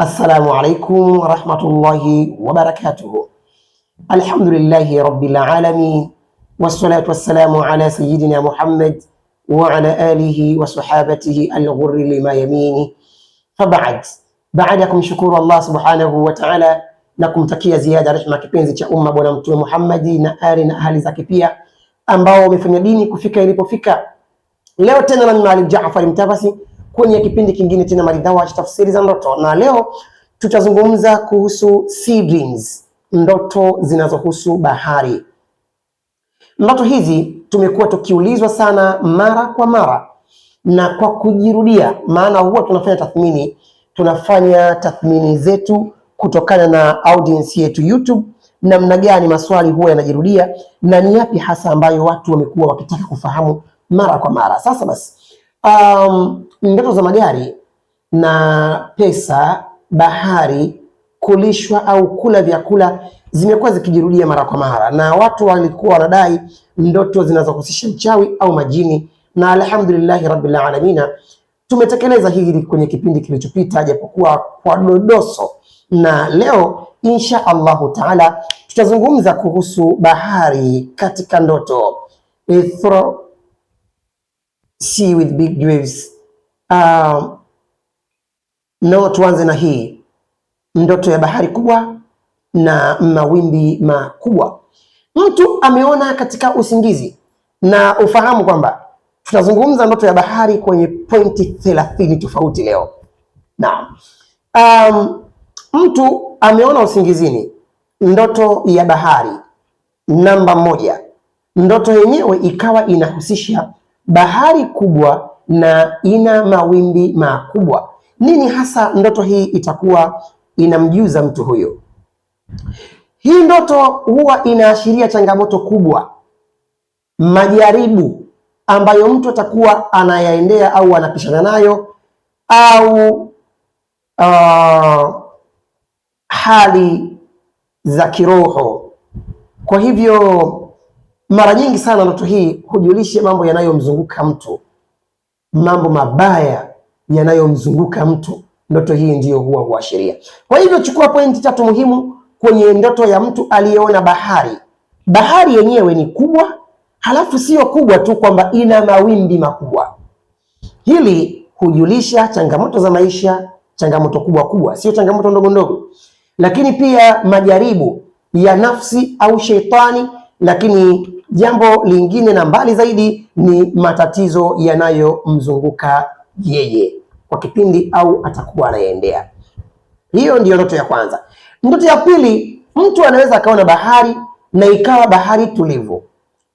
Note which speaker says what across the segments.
Speaker 1: السلام عليكم ورحمة الله وبركاته الحمد لله رب العالمين والصلاة والسلام على سيدنا محمد وعلى آله وصحابته الغر لما يمينه فبعد بعدكم شكور الله سبحانه وتعالى na kumtakia ziada rehma kipenzi cha umma Bwana Mtume Muhammad na ali na ahali zake pia ambao wamefanya dini kufika ilipofika leo. Tena na Maalim Jaafar Mtavassy kwenye kipindi kingine tena maridhawa tafsiri za ndoto, na leo tutazungumza kuhusu sea dreams, ndoto zinazohusu bahari. Ndoto hizi tumekuwa tukiulizwa sana mara kwa mara na kwa kujirudia, maana huwa tunafanya tathmini tunafanya tathmini zetu kutokana na audience yetu YouTube, namna gani maswali huwa yanajirudia na ni yapi hasa ambayo watu wamekuwa wakitaka kufahamu mara kwa mara. Sasa basi, um, ndoto za magari na pesa, bahari, kulishwa au kula vyakula zimekuwa zikijirudia mara kwa mara, na watu walikuwa wanadai ndoto zinazohusisha mchawi au majini, na alhamdulillahi rabbil alamina tumetekeleza hili kwenye kipindi kilichopita, japokuwa kwa dodoso na leo insha Allahu taala tutazungumza kuhusu bahari katika ndoto. Through sea with big waves. Uh, no, tuanze na hii ndoto ya bahari kubwa na mawimbi makubwa. Mtu ameona katika usingizi, na ufahamu kwamba tutazungumza ndoto ya bahari kwenye pointi thelathini tofauti leo. Naam. Um, Mtu ameona usingizini ndoto ya bahari. Namba moja, ndoto yenyewe ikawa inahusisha bahari kubwa na ina mawimbi makubwa. Nini hasa ndoto hii itakuwa inamjuza mtu huyo? Hii ndoto huwa inaashiria changamoto kubwa, majaribu ambayo mtu atakuwa anayaendea au anapishana nayo au uh, hali za kiroho. Kwa hivyo mara nyingi sana ndoto hii hujulisha mambo yanayomzunguka mtu, mambo mabaya yanayomzunguka mtu, ndoto hii ndiyo huwa huashiria. Kwa hivyo chukua pointi tatu muhimu kwenye ndoto ya mtu aliyeona bahari. Bahari yenyewe ni kubwa, halafu sio kubwa tu kwamba ina mawimbi makubwa. Hili hujulisha changamoto za maisha, changamoto kubwa kubwa, sio changamoto ndogo ndogo lakini pia majaribu ya nafsi au sheitani, lakini jambo lingine na mbali zaidi ni matatizo yanayomzunguka yeye kwa kipindi au atakuwa anaendea. Hiyo ndiyo ndoto ya kwanza. Ndoto ya pili, mtu anaweza akaona bahari na ikawa bahari tulivu.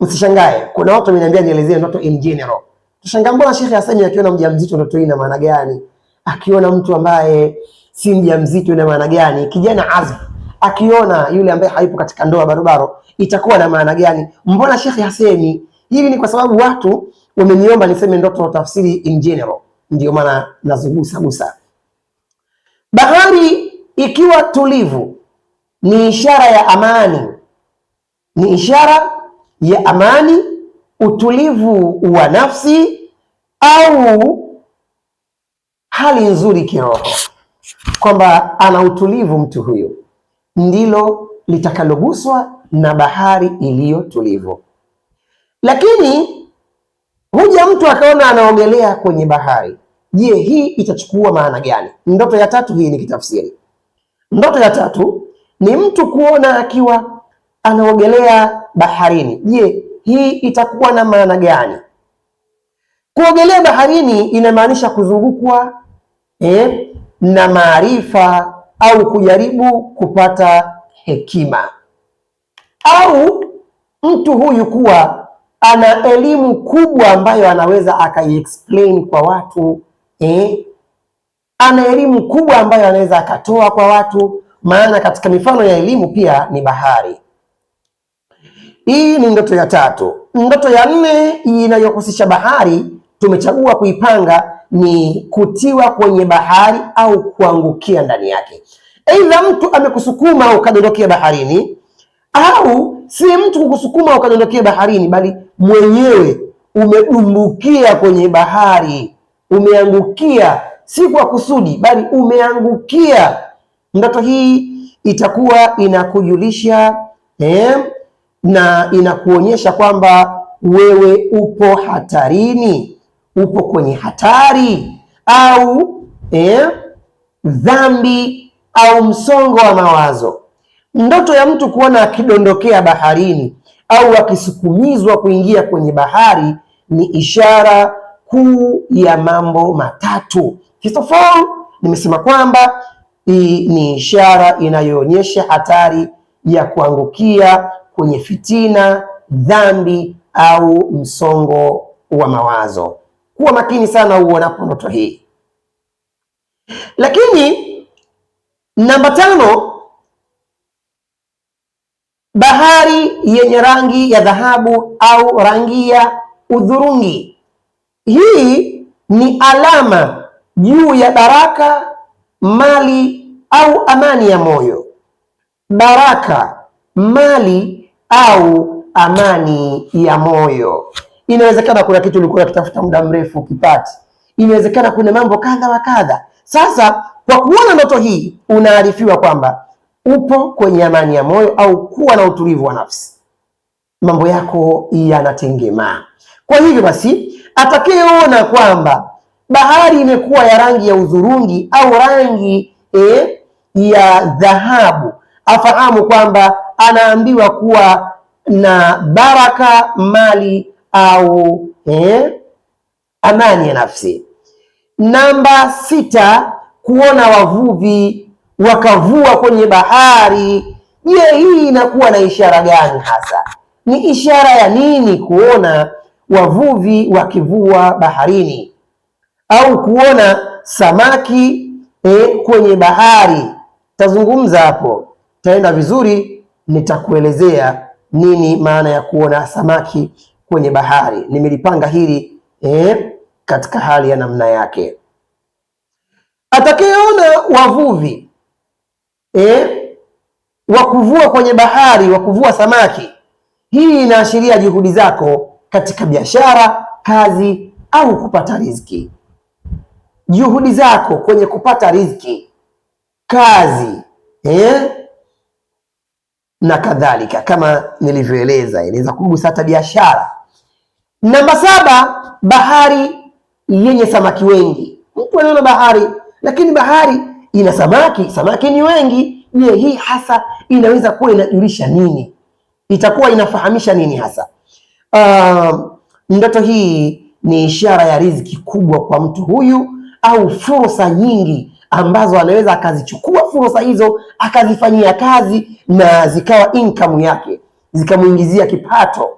Speaker 1: Msishangae, kuna watu wameniambia nielezee ndoto in general. Tushangaa, mbona shekhe Hasani akiona mjamzito ndoto hii na maana gani? Akiona mtu ambaye si mjamzito, ina maana gani? Kijana azm akiona yule ambaye hayupo katika ndoa barobaro, itakuwa na maana gani? Mbona shekhi hasemi hivi? Ni kwa sababu watu wameniomba niseme ndoto na tafsiri in general, ndio maana nazugusa gusa. Bahari ikiwa tulivu ni ishara ya amani, ni ishara ya amani, utulivu wa nafsi au hali nzuri kiroho kwamba ana utulivu mtu huyo, ndilo litakaloguswa na bahari iliyo tulivu. Lakini huja mtu akaona anaogelea kwenye bahari. Je, hii itachukua maana gani? Ndoto ya tatu hii ni kitafsiri. Ndoto ya tatu ni mtu kuona akiwa anaogelea baharini. Je, hii itakuwa na maana gani? Kuogelea baharini inamaanisha kuzungukwa eh, na maarifa au kujaribu kupata hekima, au mtu huyu kuwa ana elimu kubwa ambayo anaweza akaiexplain kwa watu eh? ana elimu kubwa ambayo anaweza akatoa kwa watu, maana katika mifano ya elimu pia ni bahari. Hii ni ndoto ya tatu. Ndoto ya nne inayohusisha bahari tumechagua kuipanga ni kutiwa kwenye bahari au kuangukia ndani yake. Aidha, mtu amekusukuma ukadondokea baharini, au si mtu kukusukuma ukadondokea baharini, bali mwenyewe umedumbukia kwenye bahari, umeangukia, si kwa kusudi, bali umeangukia. Ndoto hii itakuwa inakujulisha eh, na inakuonyesha kwamba wewe upo hatarini upo kwenye hatari au eh, dhambi au msongo wa mawazo. Ndoto ya mtu kuona akidondokea baharini au akisukumizwa kuingia kwenye bahari ni ishara kuu ya mambo matatu. First of all, nimesema kwamba hii ni ishara inayoonyesha hatari ya kuangukia kwenye fitina, dhambi au msongo wa mawazo kuwa makini sana uonapo ndoto hii. Lakini namba tano, bahari yenye rangi ya dhahabu au rangi ya udhurungi. Hii ni alama juu ya baraka, mali au amani ya moyo. Baraka, mali au amani ya moyo. Inawezekana kuna kitu ulikuwa kitafuta muda mrefu ukipati, inawezekana kuna mambo kadha wa kadha. Sasa kwa kuona ndoto hii unaarifiwa kwamba upo kwenye amani ya moyo au kuwa na utulivu wa nafsi, mambo yako yanatengemaa. Kwa hivyo basi, atakayeona kwamba bahari imekuwa ya rangi ya udhurungi au rangi eh, ya dhahabu afahamu kwamba anaambiwa kuwa na baraka mali au eh, amani ya nafsi. Namba sita, kuona wavuvi wakavua kwenye bahari. Je, hii inakuwa na ishara gani hasa? Ni ishara ya nini kuona wavuvi wakivua baharini au kuona samaki eh, kwenye bahari? Tazungumza hapo, taenda vizuri, nitakuelezea nini maana ya kuona samaki kwenye bahari. Nimelipanga hili eh, katika hali ya namna yake. Atakayeona wavuvi eh, wa kuvua kwenye bahari, wa kuvua samaki, hii inaashiria juhudi zako katika biashara, kazi au kupata riziki. Juhudi zako kwenye kupata riziki, kazi eh? na kadhalika, kama nilivyoeleza, inaweza kugusa hata biashara. Namba saba, bahari yenye samaki wengi. Mtu anaona bahari, lakini bahari ina samaki, samaki ni wengi. Je, hii hasa inaweza kuwa inajulisha nini? Itakuwa inafahamisha nini hasa? Um, ndoto hii ni ishara ya riziki kubwa kwa mtu huyu au fursa nyingi ambazo anaweza akazichukua fursa hizo akazifanyia kazi na zikawa income yake zikamuingizia kipato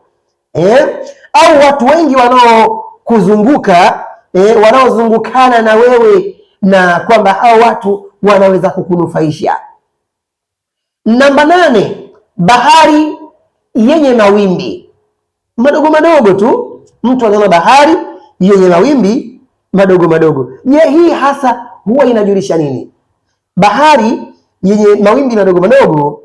Speaker 1: eh? Au watu wengi wanaokuzunguka eh, wanaozungukana na wewe na kwamba hao watu wanaweza kukunufaisha. Namba nane, bahari yenye mawimbi madogo madogo tu. Mtu anaona bahari yenye mawimbi madogo madogo. Je, hii hasa huwa inajulisha nini? Bahari yenye mawimbi madogo madogo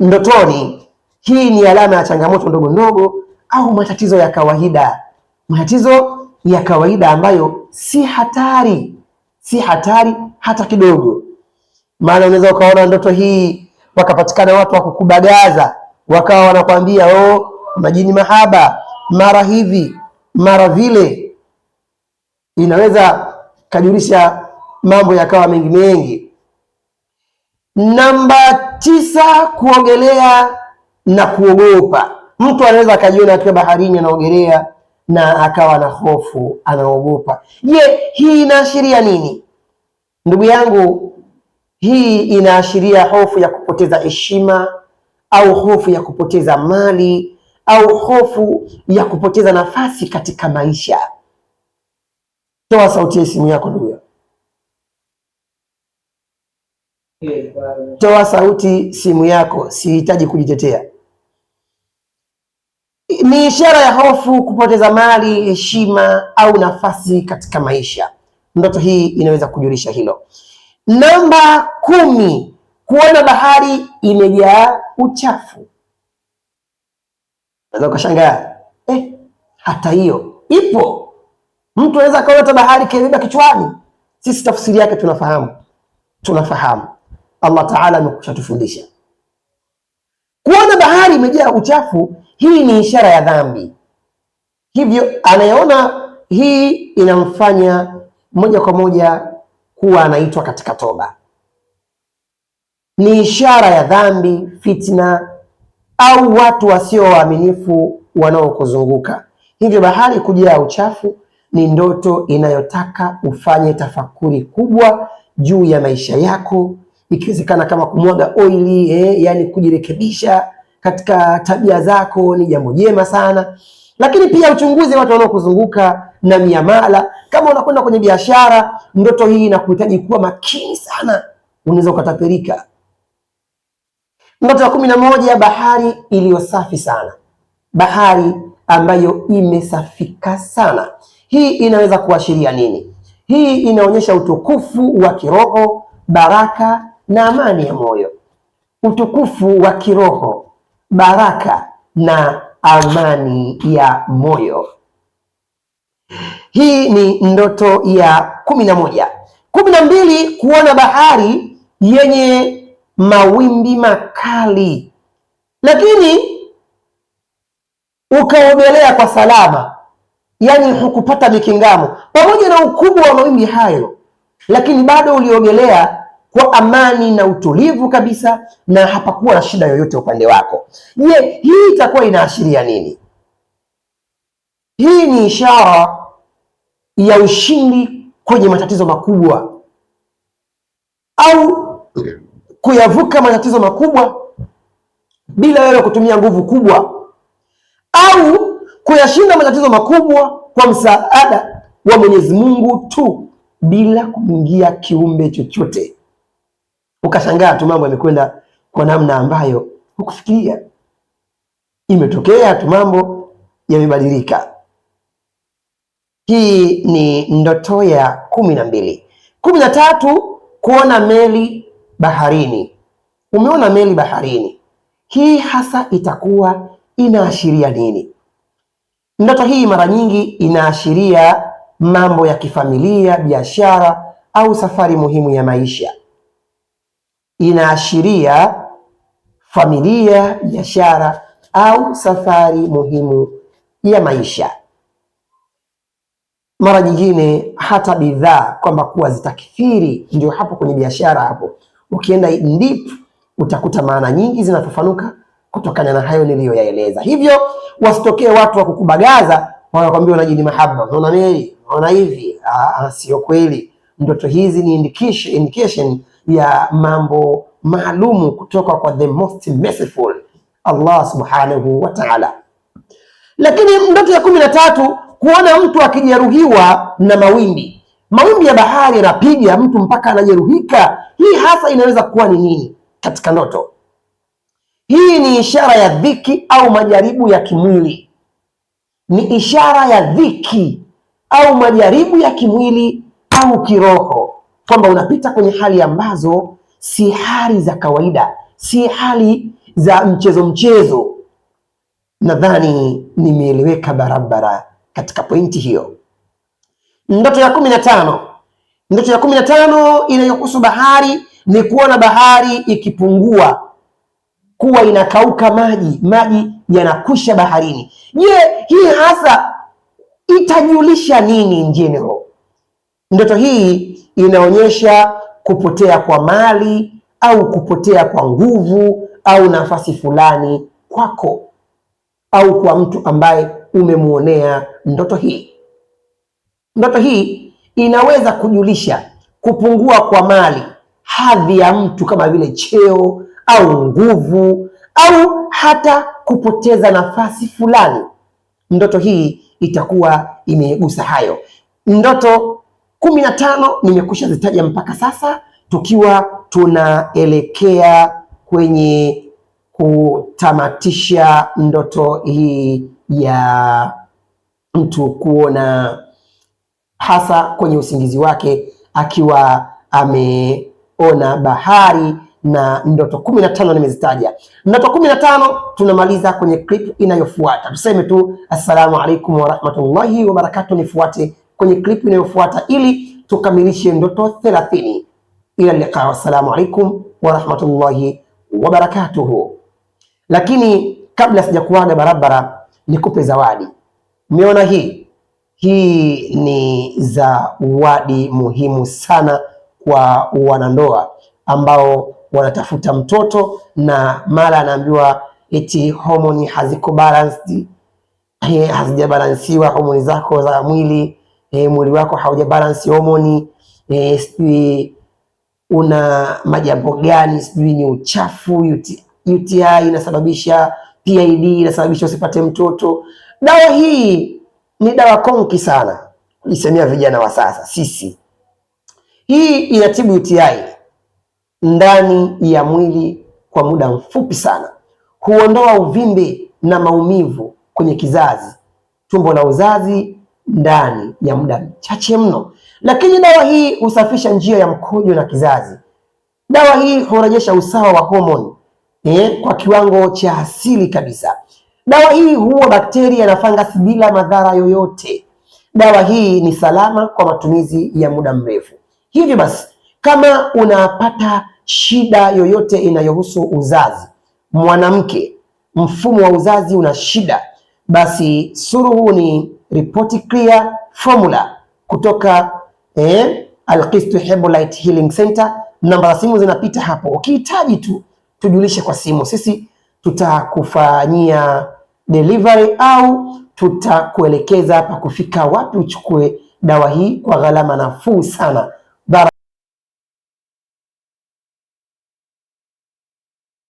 Speaker 1: ndotoni, hii ni alama ya changamoto ndogo ndogo au matatizo ya kawaida, matatizo ya kawaida ambayo si hatari, si hatari hata kidogo. Maana unaweza ukaona ndoto hii wakapatikana watu wa kukubagaza, wakawa wanakwambia oh, majini mahaba, mara hivi mara vile, inaweza kajulisha mambo yakawa mengi mengi. Namba tisa, kuogelea na kuogopa. Mtu anaweza akajiona akiwa baharini anaogelea na akawa na hofu, anaogopa. Je, hii inaashiria nini? Ndugu yangu, hii inaashiria hofu ya kupoteza heshima au hofu ya kupoteza mali au hofu ya kupoteza nafasi katika maisha. Toa sauti ya simu yako ndugu. Toa sauti simu yako, sihitaji kujitetea. Ni ishara ya hofu, kupoteza mali, heshima au nafasi katika maisha. Ndoto hii inaweza kujulisha hilo. Namba kumi, kuona bahari imejaa uchafu. Unaweza ukashangaa eh, hata hiyo ipo. Mtu anaweza akaona bahari kaibeba kichwani. Sisi tafsiri yake tunafahamu, tunafahamu Allah Taala amekusha tufundisha kuona bahari imejaa uchafu. Hii ni ishara ya dhambi, hivyo anayeona hii inamfanya moja kwa moja kuwa anaitwa katika toba. Ni ishara ya dhambi, fitna au watu wasio waaminifu wanaokuzunguka. Hivyo bahari kujaa uchafu ni ndoto inayotaka ufanye tafakuri kubwa juu ya maisha yako ikiwezekana kama kumwaga oili eh, yani kujirekebisha katika tabia zako ni jambo jema sana, lakini pia uchunguzi watu wanaokuzunguka na miamala. Kama unakwenda kwenye biashara, ndoto hii inakuhitaji kuwa makini sana, unaweza ukatapelika. Ndoto ya kumi na moja, bahari iliyo safi sana, bahari ambayo imesafika sana. Hii inaweza kuashiria nini? Hii inaonyesha utukufu wa kiroho, baraka na amani ya moyo, utukufu wa kiroho, baraka na amani ya moyo. Hii ni ndoto ya kumi na moja. Kumi na mbili, kuona bahari yenye mawimbi makali lakini ukaogelea kwa salama, yaani hukupata mikingamo pamoja na ukubwa wa mawimbi hayo, lakini bado uliogelea kwa amani na utulivu kabisa, na hapakuwa na shida yoyote upande wako. Je, hii itakuwa inaashiria nini? Hii ni ishara ya ushindi kwenye matatizo makubwa au kuyavuka matatizo makubwa bila wewe kutumia nguvu kubwa, au kuyashinda matatizo makubwa kwa msaada wa Mwenyezi Mungu tu bila kuingia kiumbe chochote ukashangaa tu mambo yamekwenda kwa namna ambayo hukufikiria. Imetokea tu mambo yamebadilika. Hii ni ndoto ya kumi na mbili. Kumi na tatu, kuona meli baharini. Umeona meli baharini, hii hasa itakuwa inaashiria nini? Ndoto hii mara nyingi inaashiria mambo ya kifamilia, biashara au safari muhimu ya maisha inaashiria familia, biashara au safari muhimu ya maisha. Mara nyingine hata bidhaa kwamba kuwa zitakithiri, ndio hapo kwenye biashara. Hapo ukienda deep utakuta maana nyingi zinafafanuka kutokana na hayo niliyoyaeleza. Hivyo wasitokee watu wa kukubagaza, wanakwambia ni mahaba, unaona meli, unaona hivi. Ah, ah, sio kweli. Ndoto hizi ni indication, indication ya mambo maalumu kutoka kwa the most merciful Allah subhanahu wa ta'ala. Lakini ndoto ya kumi na tatu, kuona mtu akijeruhiwa na mawimbi. Mawimbi ya bahari yanapiga mtu mpaka anajeruhika. Hii hasa inaweza kuwa ni nini katika ndoto hii? Ni ishara ya dhiki au majaribu ya kimwili, ni ishara ya dhiki au majaribu ya kimwili au kiroho kwamba unapita kwenye hali ambazo si hali za kawaida, si hali za mchezo mchezo. Nadhani nimeeleweka barabara katika pointi hiyo. Ndoto ya kumi na tano ndoto ya kumi na tano inayohusu bahari ni kuona bahari ikipungua kuwa inakauka, maji maji yanakusha baharini. Je, hii hasa itajulisha nini in general? Ndoto hii inaonyesha kupotea kwa mali au kupotea kwa nguvu au nafasi fulani kwako au kwa mtu ambaye umemwonea ndoto hii. Ndoto hii inaweza kujulisha kupungua kwa mali, hadhi ya mtu kama vile cheo au nguvu, au hata kupoteza nafasi fulani. Ndoto hii itakuwa imegusa hayo. Ndoto kumi na tano nimekwisha zitaja mpaka sasa, tukiwa tunaelekea kwenye kutamatisha ndoto hii ya mtu kuona hasa kwenye usingizi wake akiwa ameona bahari na ndoto kumi na tano nimezitaja. Ndoto kumi na tano tunamaliza kwenye clip inayofuata. Tuseme tu assalamu alaikum warahmatullahi wabarakatu, nifuate kwenye klipu inayofuata ili tukamilishe ndoto 30. Ila liqa, wassalamu alaikum wa wabarakatuhu. Lakini kabla sijakuaga barabara, nikupe zawadi. Umeona hii hii ni zawadi muhimu sana kwa wanandoa ambao wanatafuta mtoto na mara anaambiwa eti homoni haziko balanced, eh, hazijabalansiwa homoni zako za mwili e, mwili wako hauja balance homoni e, sijui una majambo gani, sijui ni uchafu UTI, UTI inasababisha PID inasababisha usipate mtoto. Dawa hii ni dawa konki sana kujisemea vijana wa sasa sisi. Hii inatibu UTI ndani ya mwili kwa muda mfupi sana, huondoa uvimbe na maumivu kwenye kizazi, tumbo la uzazi ndani ya muda mchache mno. Lakini dawa hii husafisha njia ya mkojo na kizazi. Dawa hii hurejesha usawa wa homoni eh, kwa kiwango cha asili kabisa. Dawa hii huua bakteria na fangasi bila madhara yoyote. Dawa hii ni salama kwa matumizi ya muda mrefu. Hivyo basi, kama unapata shida yoyote inayohusu uzazi, mwanamke, mfumo wa uzazi una shida, basi suluhu ni report clear formula kutoka eh, Alqist Hemolite Healing Center. Namba za simu zinapita hapo, ukihitaji tu tujulishe kwa simu, sisi tutakufanyia delivery au tutakuelekeza hapa kufika wapi uchukue dawa hii kwa gharama nafuu sana.